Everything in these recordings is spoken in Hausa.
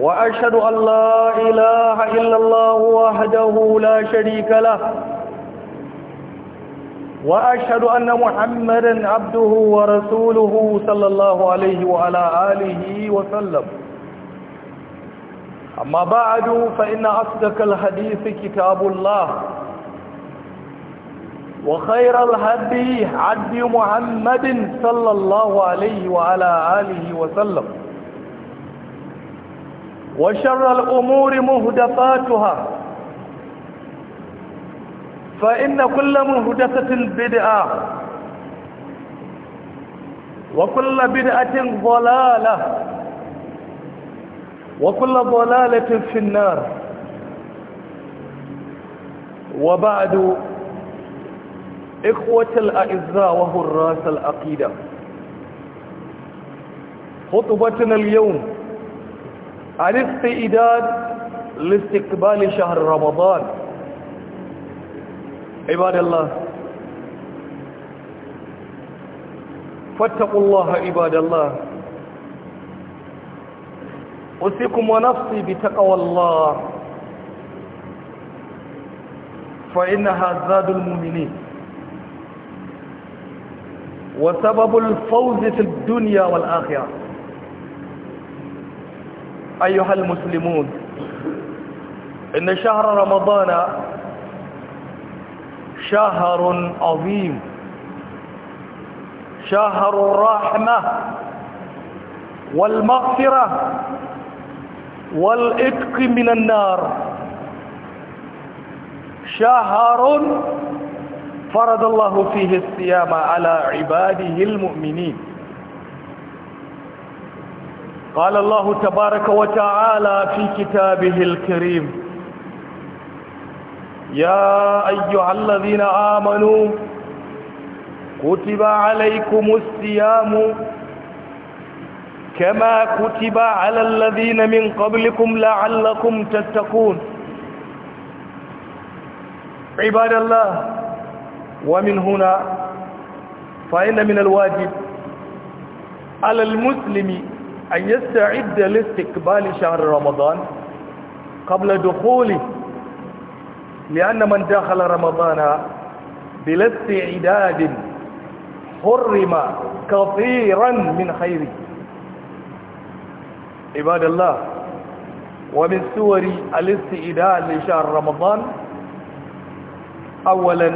وأشهد أن لا إله إلا الله وحده لا شريك له وأشهد أن محمدا عبده ورسوله صلى الله عليه وعلى آله وسلم أما بعد فإن أصدق الحديث كتاب الله وخير الهدي عدي محمد صلى الله عليه وعلى آله وسلم وشر الأمور مهدفاتها فإن كل مهدفة بدعة وكل بدعة ضلالة وكل ضلالة في النار وبعد إخوة الأعزاء وهراس العقيدة خطبتنا اليوم الاستعداد لاستقبال شهر رمضان عباد الله فاتقوا الله عباد الله أوصيكم ونفسي بتقوى الله فإنها زاد المؤمنين وسبب الفوز في الدنيا والآخرة أيها المسلمون إن شهر رمضان شهر عظيم شهر الرحمة والمغفرة والإتق من النار شهر فرض الله فيه الصيام على عباده المؤمنين قال الله تبارك وتعالى في كتابه الكريم يا أيها الذين آمنوا كتب عليكم الصيام كما كتب على الذين من قبلكم لعلكم تتقون عباد الله ومن هنا فإن من الواجب على المسلم أن يستعد لاستقبال شهر رمضان قبل دخوله لأن من دخل رمضان بلا استعداد حرم كثيرا من خيره عباد الله ومن سور الاستعداد لشهر رمضان أولا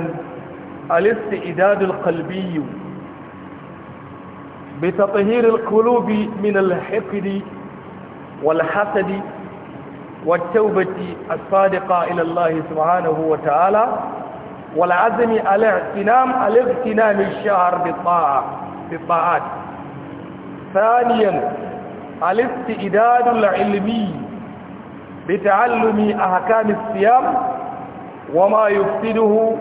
الاستعداد القلبي بتطهير القلوب من الحقد والحسد والتوبة الصادقة إلى الله سبحانه وتعالى والعزم على اغتنام على اغتنام الشهر بالطاعة بالطاعات ثانيا الاستئداد العلمي بتعلم أحكام الصيام وما يفسده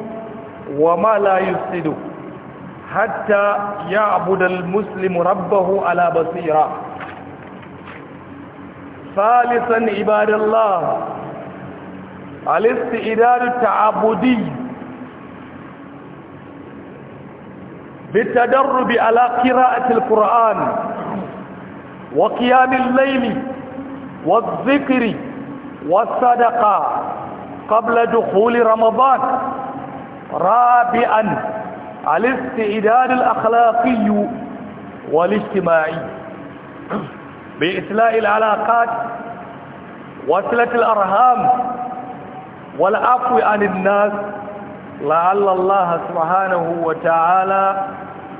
وما لا يفسده حتى يعبد المسلم ربه على بصيرة ثالثا عباد الله الاستئداد التعبدي بالتدرب على قراءة القرآن وقيام الليل والذكر والصدقة قبل دخول رمضان رابعا الاستعداد الأخلاقي والاجتماعي بإسلاء العلاقات وصلة الأرهام والعفو عن الناس لعل الله سبحانه وتعالى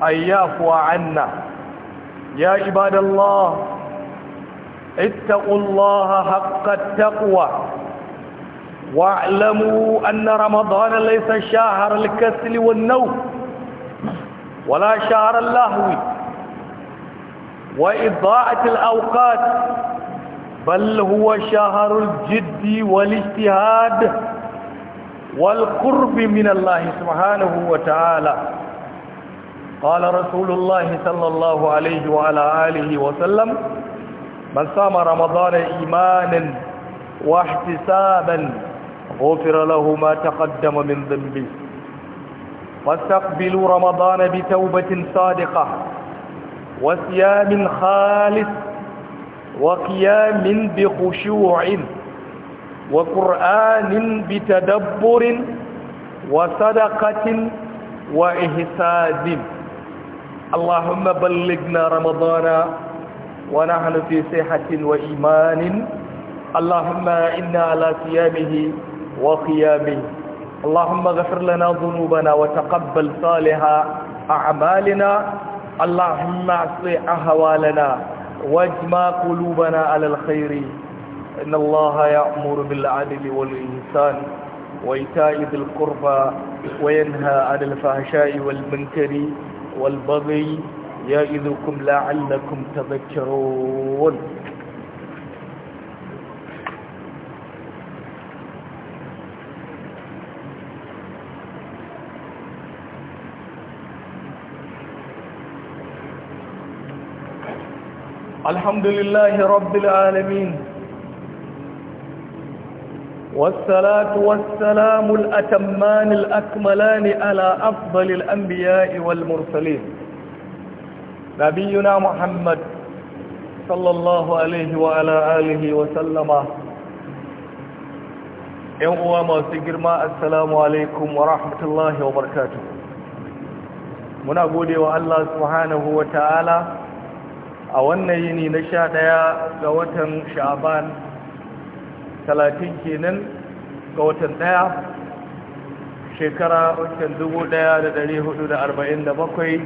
أن يعفو عنا يا عباد الله اتقوا الله حق التقوى واعلموا أن رمضان ليس شهر الكسل والنوم ولا شهر اللهو وإضاعة الأوقات بل هو شهر الجد والاجتهاد والقرب من الله سبحانه وتعالى قال رسول الله صلى الله عليه وعلى آله وسلم من صام رمضان إيمانا واحتسابا غفر له ما تقدم من ذنبه واستقبلوا رمضان بتوبة صادقة وصيام خالص وقيام بخشوع وقرآن بتدبر وصدقة وإحساد اللهم بلغنا رمضان ونحن في صحة وإيمان اللهم إنا على صيامه وقيامه اللهم اغفر لنا ذنوبنا وتقبل صالح أعمالنا اللهم اصلح احوالنا واجمع قلوبنا على الخير إن الله يأمر بالعدل والإنسان وإيتاء ذي القربى وينهى عن الفحشاء والمنكر والبغي يعظكم لعلكم تذكرون الحمد لله رب العالمين والصلاة والسلام الأتمان الأكملان على أفضل الأنبياء والمرسلين نبينا محمد صلى الله عليه وعلى آله وسلم يوم ما السلام عليكم ورحمة الله وبركاته منا قولي وأن الله سبحانه وتعالى a wannan yini na sha ɗaya ga watan sha'aban talatin kenan ga watan ɗaya shekara watan dubu ɗaya da ɗari hudu da arba'in da bakwai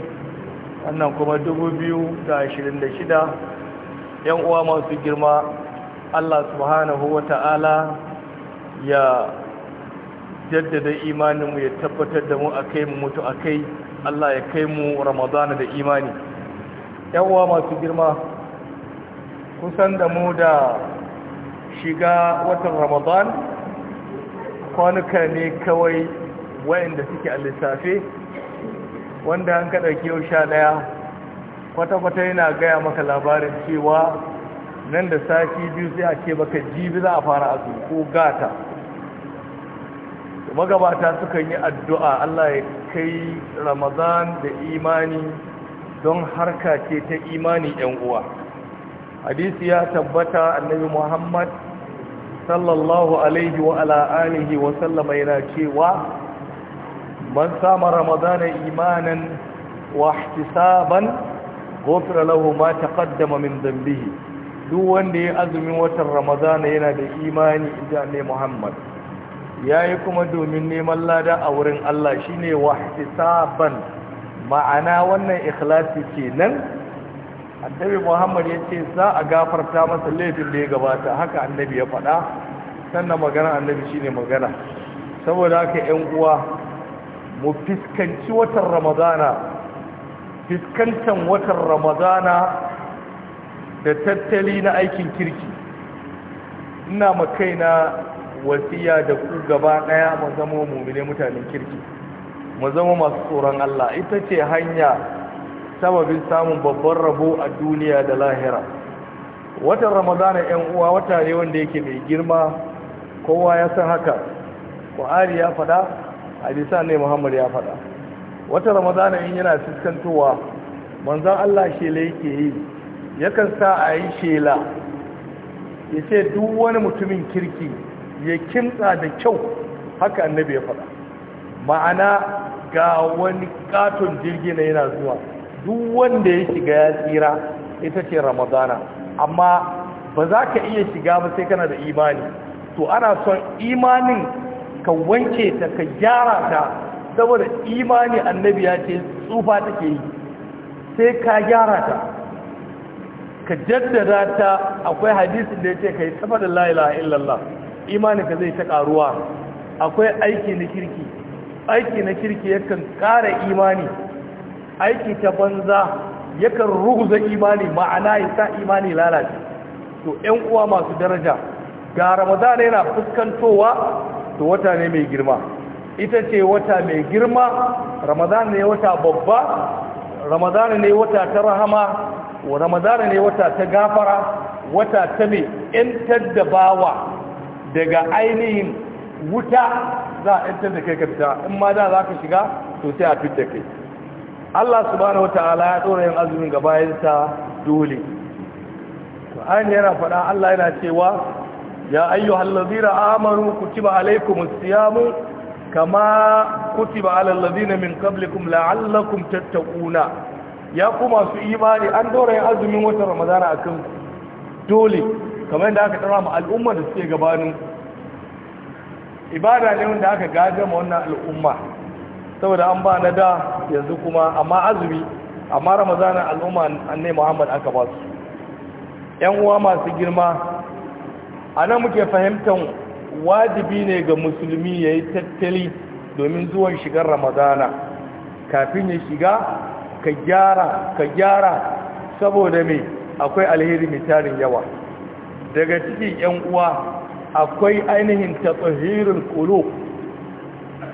wannan kuma dubu biyu da ashirin da shida yan uwa masu girma allah subhanahu wa ta'ala ya jaddada imaninmu ya tabbatar da mu a kai mu mutu a kai allah ya kai mu ramadana da imani yawa masu girma kusan da mu da shiga watan ramadan kwanuka ne kawai wayanda suke a wanda an kaɗa yau sha ɗaya kwata-kwata yana gaya maka labarin cewa nan da sashi biyu sai a ce baka jibi za a fara azumi ko gata magabata suka yi addu'a Allah ya kai ramadan da imani don harka ce ta imani ‘yan uwa hadisi ya tabbata annabi muhammad sallallahu alaihi wa ala'alihi wa sallama yana cewa man sama ramadana imanin wa ihtisaban gofira lahu ma taqaddama min zambihi. duk wanda ya azumin watan ramadana yana da imani inda annabi muhammad yayi kuma domin neman lada a wurin Allah shine wa ihtisaban ma'ana wannan ikhlasi kenan annabi Muhammad ya ce za a gafarta masa laifin da ya gabata haka annabi ya faɗa sannan magana annabi shine magana saboda haka 'yan uwa mu fiskanci watan Ramadana fiskantan watan Ramadana da tattali na aikin kirki ina ma kaina wasiya da ku gaba daya mu zama mu mutanen kirki mu zama masu tsoron Allah ita ce hanya sababin samun babban rabo a duniya da lahira watan ramadana yan uwa wata ne wanda yake mai girma kowa ya san haka ƙwari ya faɗa bisa ne muhammad ya faɗa watan ramadana in yana fuskantowa manzan Allah shela yake yi yakan sa a yi shela ya ce duk wani mutumin kirki ya kintsa da kyau haka annabi ya faɗa ma'ana ga wani katon jirgi na yana zuwa duk wanda ya shiga ya tsira ita ce ramadana amma ba za ka iya shiga ba sai kana da imani to ana son imanin ka wanke ta ka gyara ta saboda imani annabi ya ce tsufa take yi sai ka gyara ta ka jaddada ta akwai hadisin da ya ce ka yi tafa da la'ila illallah imanin ka zai ta ƙaruwa akwai aiki na kirki aiki na kirki yakan ƙara imani aiki ta banza yakan ruguza imani ma'ana ya sa imani lalace to 'yan uwa masu daraja ga ramadan yana fuskantowa to wata ne mai girma ita ce wata mai girma ramadan ne wata babba ramadan ne wata ta rahama wa ramadan ne wata ta gafara wata ta mai 'yantar da bawa daga ainihin wuta za a yantar da kai ka fita in ma da za ka shiga to sai a fitar kai Allah subhanahu wataala ya dora yin azumin ga bayansa dole Qur'ani yana faɗa Allah yana cewa ya ayyuhal hallazina amanu kutiba alaykumus siyamu kama kutiba alal ladina min qablikum la'allakum tattaquna ya kuma su imani an dora yin azumin watan Ramadana akan dole kamar yadda aka tsara mu al'umma da suke gabanin ibada ne wanda aka gagama wannan al'umma saboda an ba na da yanzu kuma amma azumi amma ramazana al'umma anne muhammad aka ba su yan uwa masu girma a muke fahimtar wajibi ne ga musulmi ya yi tattali domin zuwan shigar ramadana kafin ya shiga ka gyara ka gyara saboda mai akwai alheri mai tarin yawa daga cikin yan uwa akwai ainihin tatsahirin kulo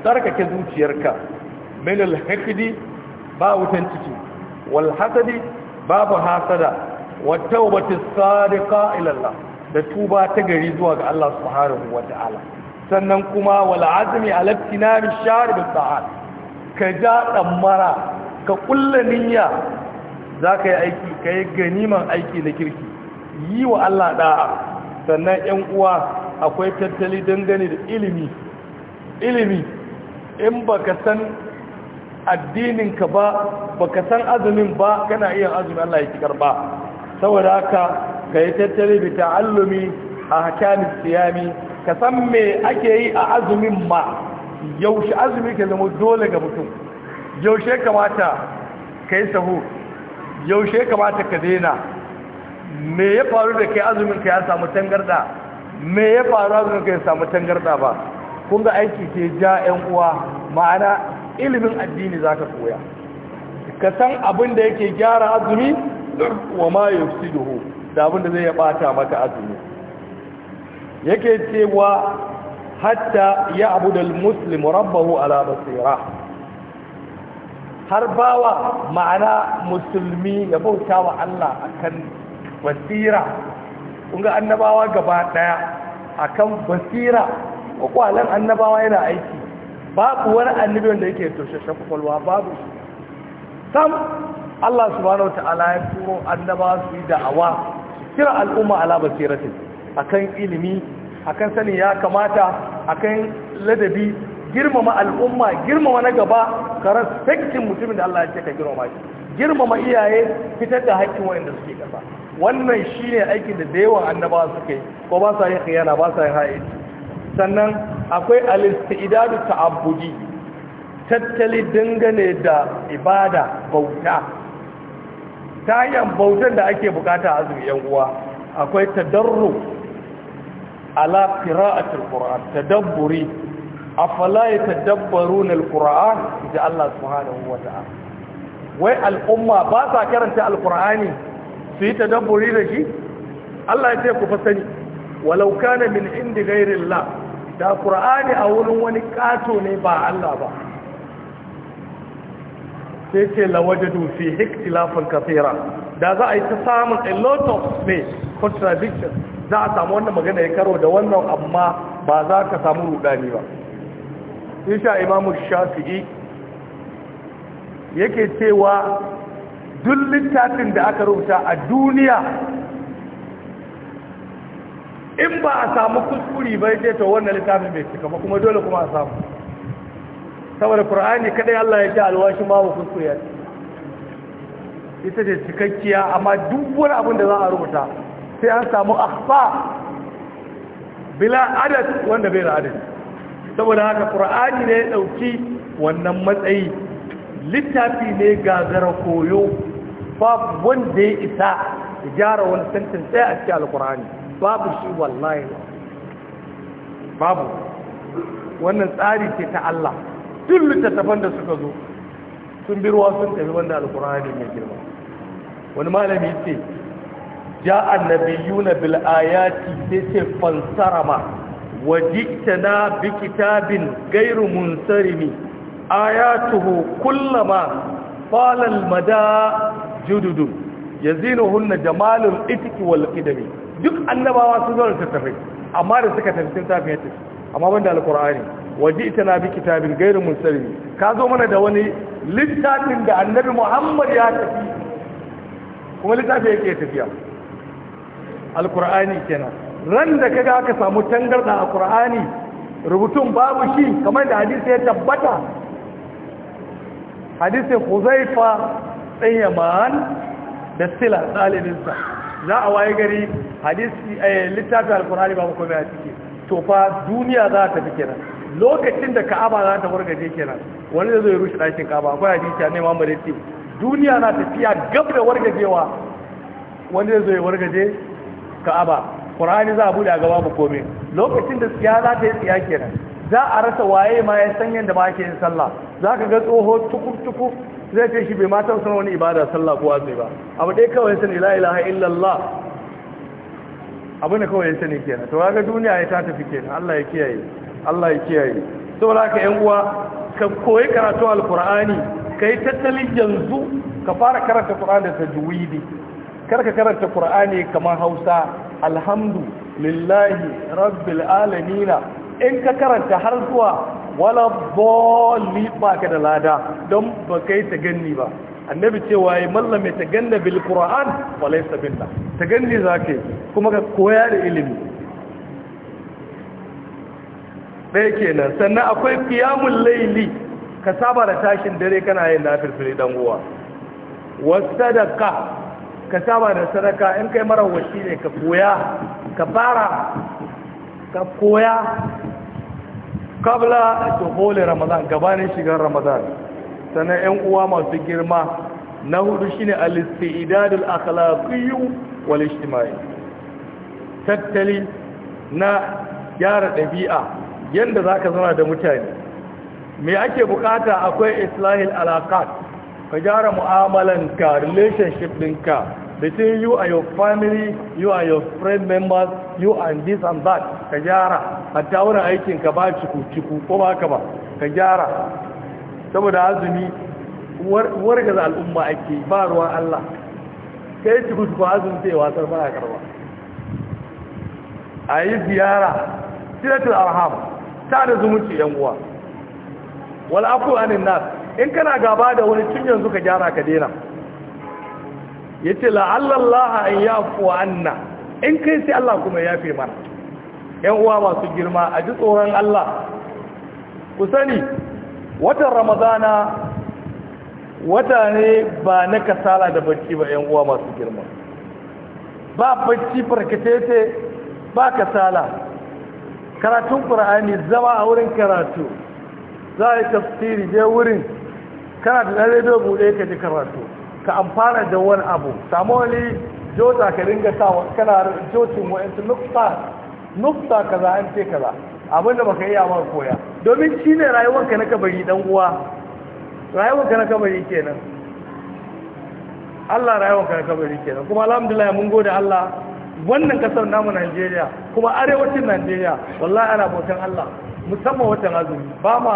tsarkake zuciyarka min alhaqdi ba wutan ciki wal hasadi babu hasada wa tawbati sadiqa ila Allah da tuba ta gari zuwa ga Allah subhanahu wataala sannan kuma wal azmi ala tinami sharib sa'ad ka ja dammara ka kulla niyya zaka yi aiki kai ganiman aiki na kirki yi wa Allah da'a sannan ƴan uwa akwai tattali dangane da ilimi ilimi in ba ka san addininka ba ba ka san azumin ba kana iya azumin Allah ya kikar ba saboda haka ka yi tattali bi ta'allumi a hakamin siyami ka san me ake yi a azumin ma yaushe azumi ka zama dole ga mutum yaushe kamata ka yi sahu yaushe kamata ka daina me ya faru da kai azumin ka ya samu tangarda me ya faru zuwa kai samu tangarda ba kun ga aiki ke ja yan uwa ma'ana ilimin addini za ka koya ka san abin da yake gyara azumi wa ma d'uhu, da abin da zai ya bata maka azumi yake cewa hatta ya abu da muslim rabbahu ala basira har bawa ma'ana musulmi ya bauta wa Allah akan basira Kunga annabawa gaba daya akan basira kwakwalan annabawa yana aiki babu wani annabi wanda yake toshashen kwakwalwa babu sam Allah subhanahu ta'ala ya turo annabawa su yi da'awa kira al'umma ala basiratin akan ilimi akan sani ya kamata akan ladabi girmama al'umma girmama na gaba ka respectin mutumin da Allah ya ce ka girmama shi girmama iyaye fitar da haƙƙin waɗanda suke gaba. wannan shi ne aikin da dayawa annaba suka yi ko ba sa yin khiyana ba sa yin ha'id sannan akwai alistidadu ta'abbudi tattali dangane da ibada bauta ta hanyar bautan da ake bukata azumi yan uwa akwai tadarru ala qira'atil qur'an tadabburi afala yatadabbaruna al-qur'an da Allah subhanahu wa ta'ala wai al'umma ba sa karanta al-qur'ani su yi tadabburi da shi Allah ya ce ku fa sani walau kana min indi la, da qur'ani a wurin wani kato ne ba Allah ba sai ce lawajadu fi ikhtilafan kafira da za a yi ta samun a lot of me contradiction za a samu wannan magana ya karo da wannan amma ba za ka samu rudani ba isha imamu shafi'i yake cewa duk littafin da aka rubuta a duniya in ba a samu kuskuri ba ya to wannan littafin bai cika ba kuma dole kuma a samu saboda ƙura'ani kadai Allah ya ce alwashi ma ba kuskure ita ce cikakkiya amma duk wani abin da za a rubuta sai an samu akhfa bila adad wanda bai da adad saboda haka ƙura'ani ne ya ɗauki wannan matsayi littafi ne gazara koyo babu wanda ya isa ya gyara wani sentin sai a cikin alkur'ani babu shi wallahi babu wannan tsari ce ta Allah duk littattafan da suka zo sun birwa sun tafi wanda alkur'ani mai girma wani malami ce ja annabiyuna bil ayati sai ce fansarama na bi kitabin gairu munsarimi ayatuhu kullama falal mada jududun yazinuhunna jamalul itiki wal qidami duk annabawa sun zo da tattafai amma da suka tafi sun tafi ya tafi. amma Alƙur'ani, banda alqur'ani waji'tana bi kitabin ghairu munsalim ka zo mana da wani littafin da annabi Muhammad ya tafi kuma littafin yake tafiya Alƙur'ani kenan ran da kaga aka samu tangarda a qur'ani rubutun babu shi kamar da hadisi ya tabbata hadisin Huzaifa tsayaman da sila ɗalibinsa za a waye gari hadisi eh, a littafin alkurani ba kuma ya cike to fa duniya za ta fi kenan lokacin da ka'aba za ta wargaje kenan wani da zai rushe ɗakin ka'aba akwai hadisi a neman da ce duniya na tafiya gab da wargajewa wani da zai wargaje ka'aba qur'ani za a bude a gaba mu komai lokacin da siya za ta yi siya kenan za a rasa waye ma ya san yadda ba ake yin sallah za ka ga tsoho tukur tukur zai ce shi bai mata sun wani ibada sallah ko azumi ba abu dai kawai sani la ilaha illallah abu ne kawai sani kenan to kaga duniya ya ta tafi kenan Allah ya kiyaye Allah ya kiyaye saboda ka yan uwa ka koyi karatu alqur'ani kai tattalin yanzu ka fara karanta qur'ani da tajwidi kar ka karanta qur'ani kamar Hausa alhamdu lillahi rabbil alamin in ka karanta har zuwa wala bolli ba ka da lada don ba kai ta ganni ba annabi cewa ya mai ta ganna bil qur'an wa laysa billah ta ganni yi kuma ka koya da ilimi dai kenan sannan akwai kiyamun laili. ka saba da tashin dare kana yin nafilfili dan uwa wasadaka ka saba da sadaka in kai mara wasi ne ka koya ka fara ka koya kabla dukhuli ramadan gabanin shigar ramadan sannan 'yan uwa masu girma na hudu shine al-istidadul akhlaqi wal ijtimai tattali na gyara ɗabi'a yadda zaka ka da mutane me ake bukata akwai islahil alaqat ka gyara mu'amalan ka relationship ɗinka they say you and your family you and your friend members you and this and that ka gyara a tawunan aikin ka ba ciku-ciku ko ba ka ba ka gyara saboda azumi wargaza al'umma ake ba ruwan Allah ka yi ciku-ciku azumi sai wasar ba a karba a yi ziyara silatul arham ta da zumunci yan uwa wal afu anin nas in kana gaba da wani tun yanzu ka gyara ka daina ya ce la'allallaha an ya fuwa anna in kai sai Allah kuma ya fi mana ‘yan uwa masu girma a ji tsoron Allah ku sani watan ramadana wata ne ba na kasala da bacci ba yanuwa uwa masu girma ba bacci farkatete ba kasala karatun ƙura'ani zama a wurin karatu za a yi tafsiri je wurin kana da ɗan rediyo buɗe ka ji karatu ka amfana da wani abu samu wani jota ka ringa sawa kana jotin wa'yansu nufta nufta kaza an ce kaza abinda baka yi amar koya domin shi ne rayuwarka na kabari dan uwa rayuwarka na kabari kenan Allah rayuwanka na kabari kenan kuma alhamdulillah mun gode Allah wannan kasar namu Najeriya kuma arewacin Najeriya wallahi ana bautan Allah musamman watan azumi ba ma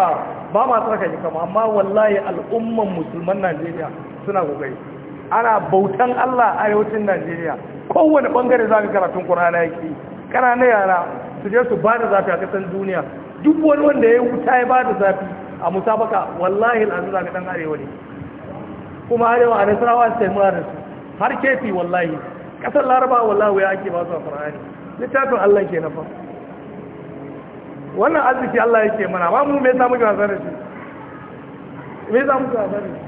ba ma tsaka ji kama amma wallahi al'umman musulman Najeriya suna kokari ana bautan Allah a arewacin Najeriya kowane bangare za ka karatun Qur'ani yake ƙananan yara su je su bada zafi a kasan duniya duk wani wanda ya wuta ya bada zafi a musabaka wallahi al'azu ga dan arewa ne kuma arewa a nasarawa sai muna da su har kefi wallahi ƙasar laraba wallahi ya ake ba su a Qur'ani littafin Allah ke na fa wannan arziki Allah yake mana ba mu me samu muke wasa da shi me samu muke wasa da shi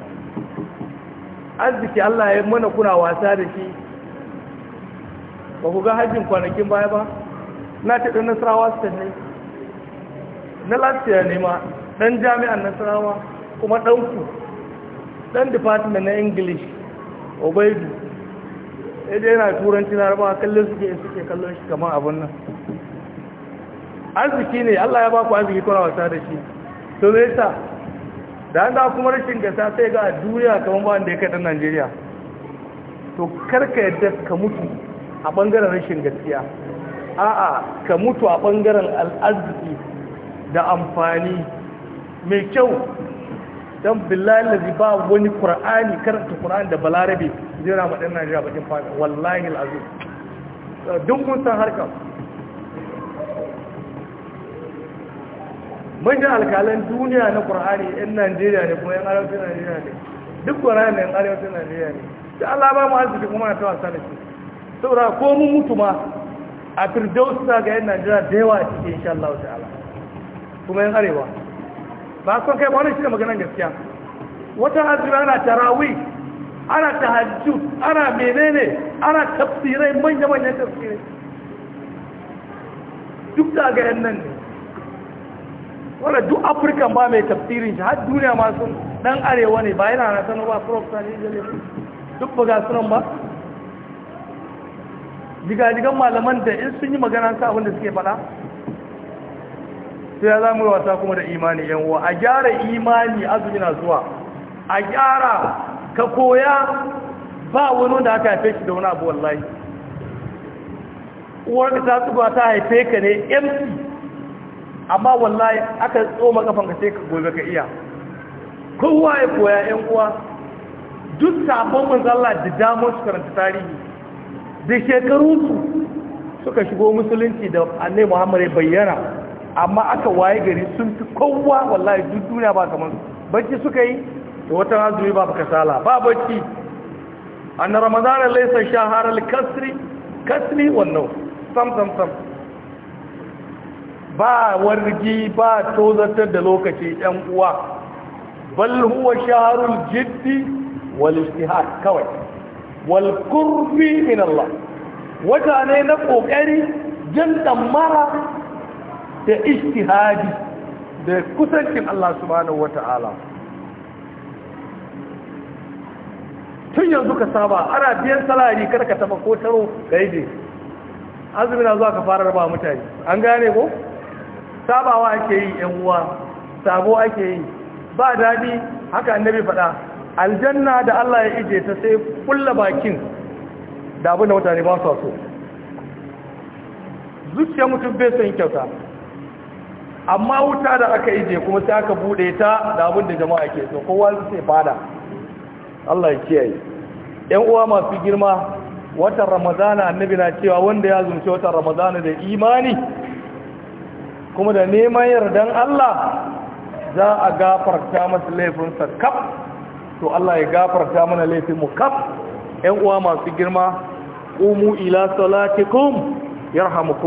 arziki Allah ya mana kuna wasa da shi ba ku ga hajjin kwanakin baya ba na ta ɗan nasarawa su ne na lafiya ne ma ɗan jami'an nasarawa kuma ɗanku ɗan department na english obaidu ya yana turanci na rabawa kallon suke suke kallon shi kamar abin nan arziki ne Allah ya ba ku arziki kuna wasa da shi to me yasa da an da kuma rashin gasa sai ga duniya kamar ba wanda ya kai dan Najeriya to karka yadda ka mutu a bangaren rashin gaskiya a'a ka mutu a bangaren al'arziki da amfani mai kyau don billahi lazi ba wani qur'ani karanta qur'ani da balarabe zai rama dan Najeriya bakin fa wallahi alazim duk mun san harkar manyan alkalan duniya na ƙur'ani 'yan najeriya ne kuma 'yan arewacin najeriya ne duk ne 'yan arewacin najeriya ne da allah ba mu arziki kuma na ta wasa da shi saboda ko mun mutu ma a firdausa ga 'yan najeriya da yawa a cikin insha allahu ta'ala kuma 'yan arewa ba son kai ba wani shi ne maganar gaskiya wata azumi ana tarawi ana tahajju ana menene ana tafsirai manya-manyan tafsirai duk da ga 'yan nan ne wanda duk afirka ba mai tafsirin shi har duniya ma sun dan arewa ne ba yana na sanar ba ne sani jale duk ba ga sunan ba jigajigan malaman da in sun yi magana sa abin da suke fada sai ya zama wasa kuma da imani yan uwa a gyara imani azumi na zuwa a gyara ka koya ba wani wanda aka haife shi da wani abu wallahi uwar ka ta tsuba ta haife ka ne empty amma wallahi aka tsoma kafan ka sai ka gobe ka iya kowa ya koya yan uwa duk sabon da damar su karanta tarihi da shekaru su suka shigo musulunci da annai muhammad ya bayyana amma aka waye gari sun fi kowa wallahi duk duniya ba kamar su bacci suka yi da wata azumi ba kasala ba bacci anna ramadana laysa shahara al-kasri kasri wannan sam sam sam ba wargi ba tozatar da lokaci ɗan uwa bal huwa shaharul jiddi wal istihad kawai wal qurbi min Allah wata ne na kokari jin damara da istihadi da kusancin Allah subhanahu wataala tun yanzu ka saba ana biyan salari kar ka taba ko taro azumi na zuwa ka fara raba mutane an gane ko sabawa ake yi yan uwa sabo ake yi ba daɗi haka annabi faɗa aljanna da Allah ya ije ta sai kulla bakin da abin da mutane ba su so zuciya mutum bai son kyauta amma wuta da aka ije kuma sai aka bude ta da abin da jama'a ke so kowa sai fada Allah ya kiyaye yan uwa masu girma watan ramadana annabi na cewa wanda ya zunce watan ramadana da imani kuma da neman yardan Allah za a gafarta masa laifinsa kaf to Allah ya gafarta mana laifin mu kaf ƴan uwa masu girma umu ila salatikum yarhamukum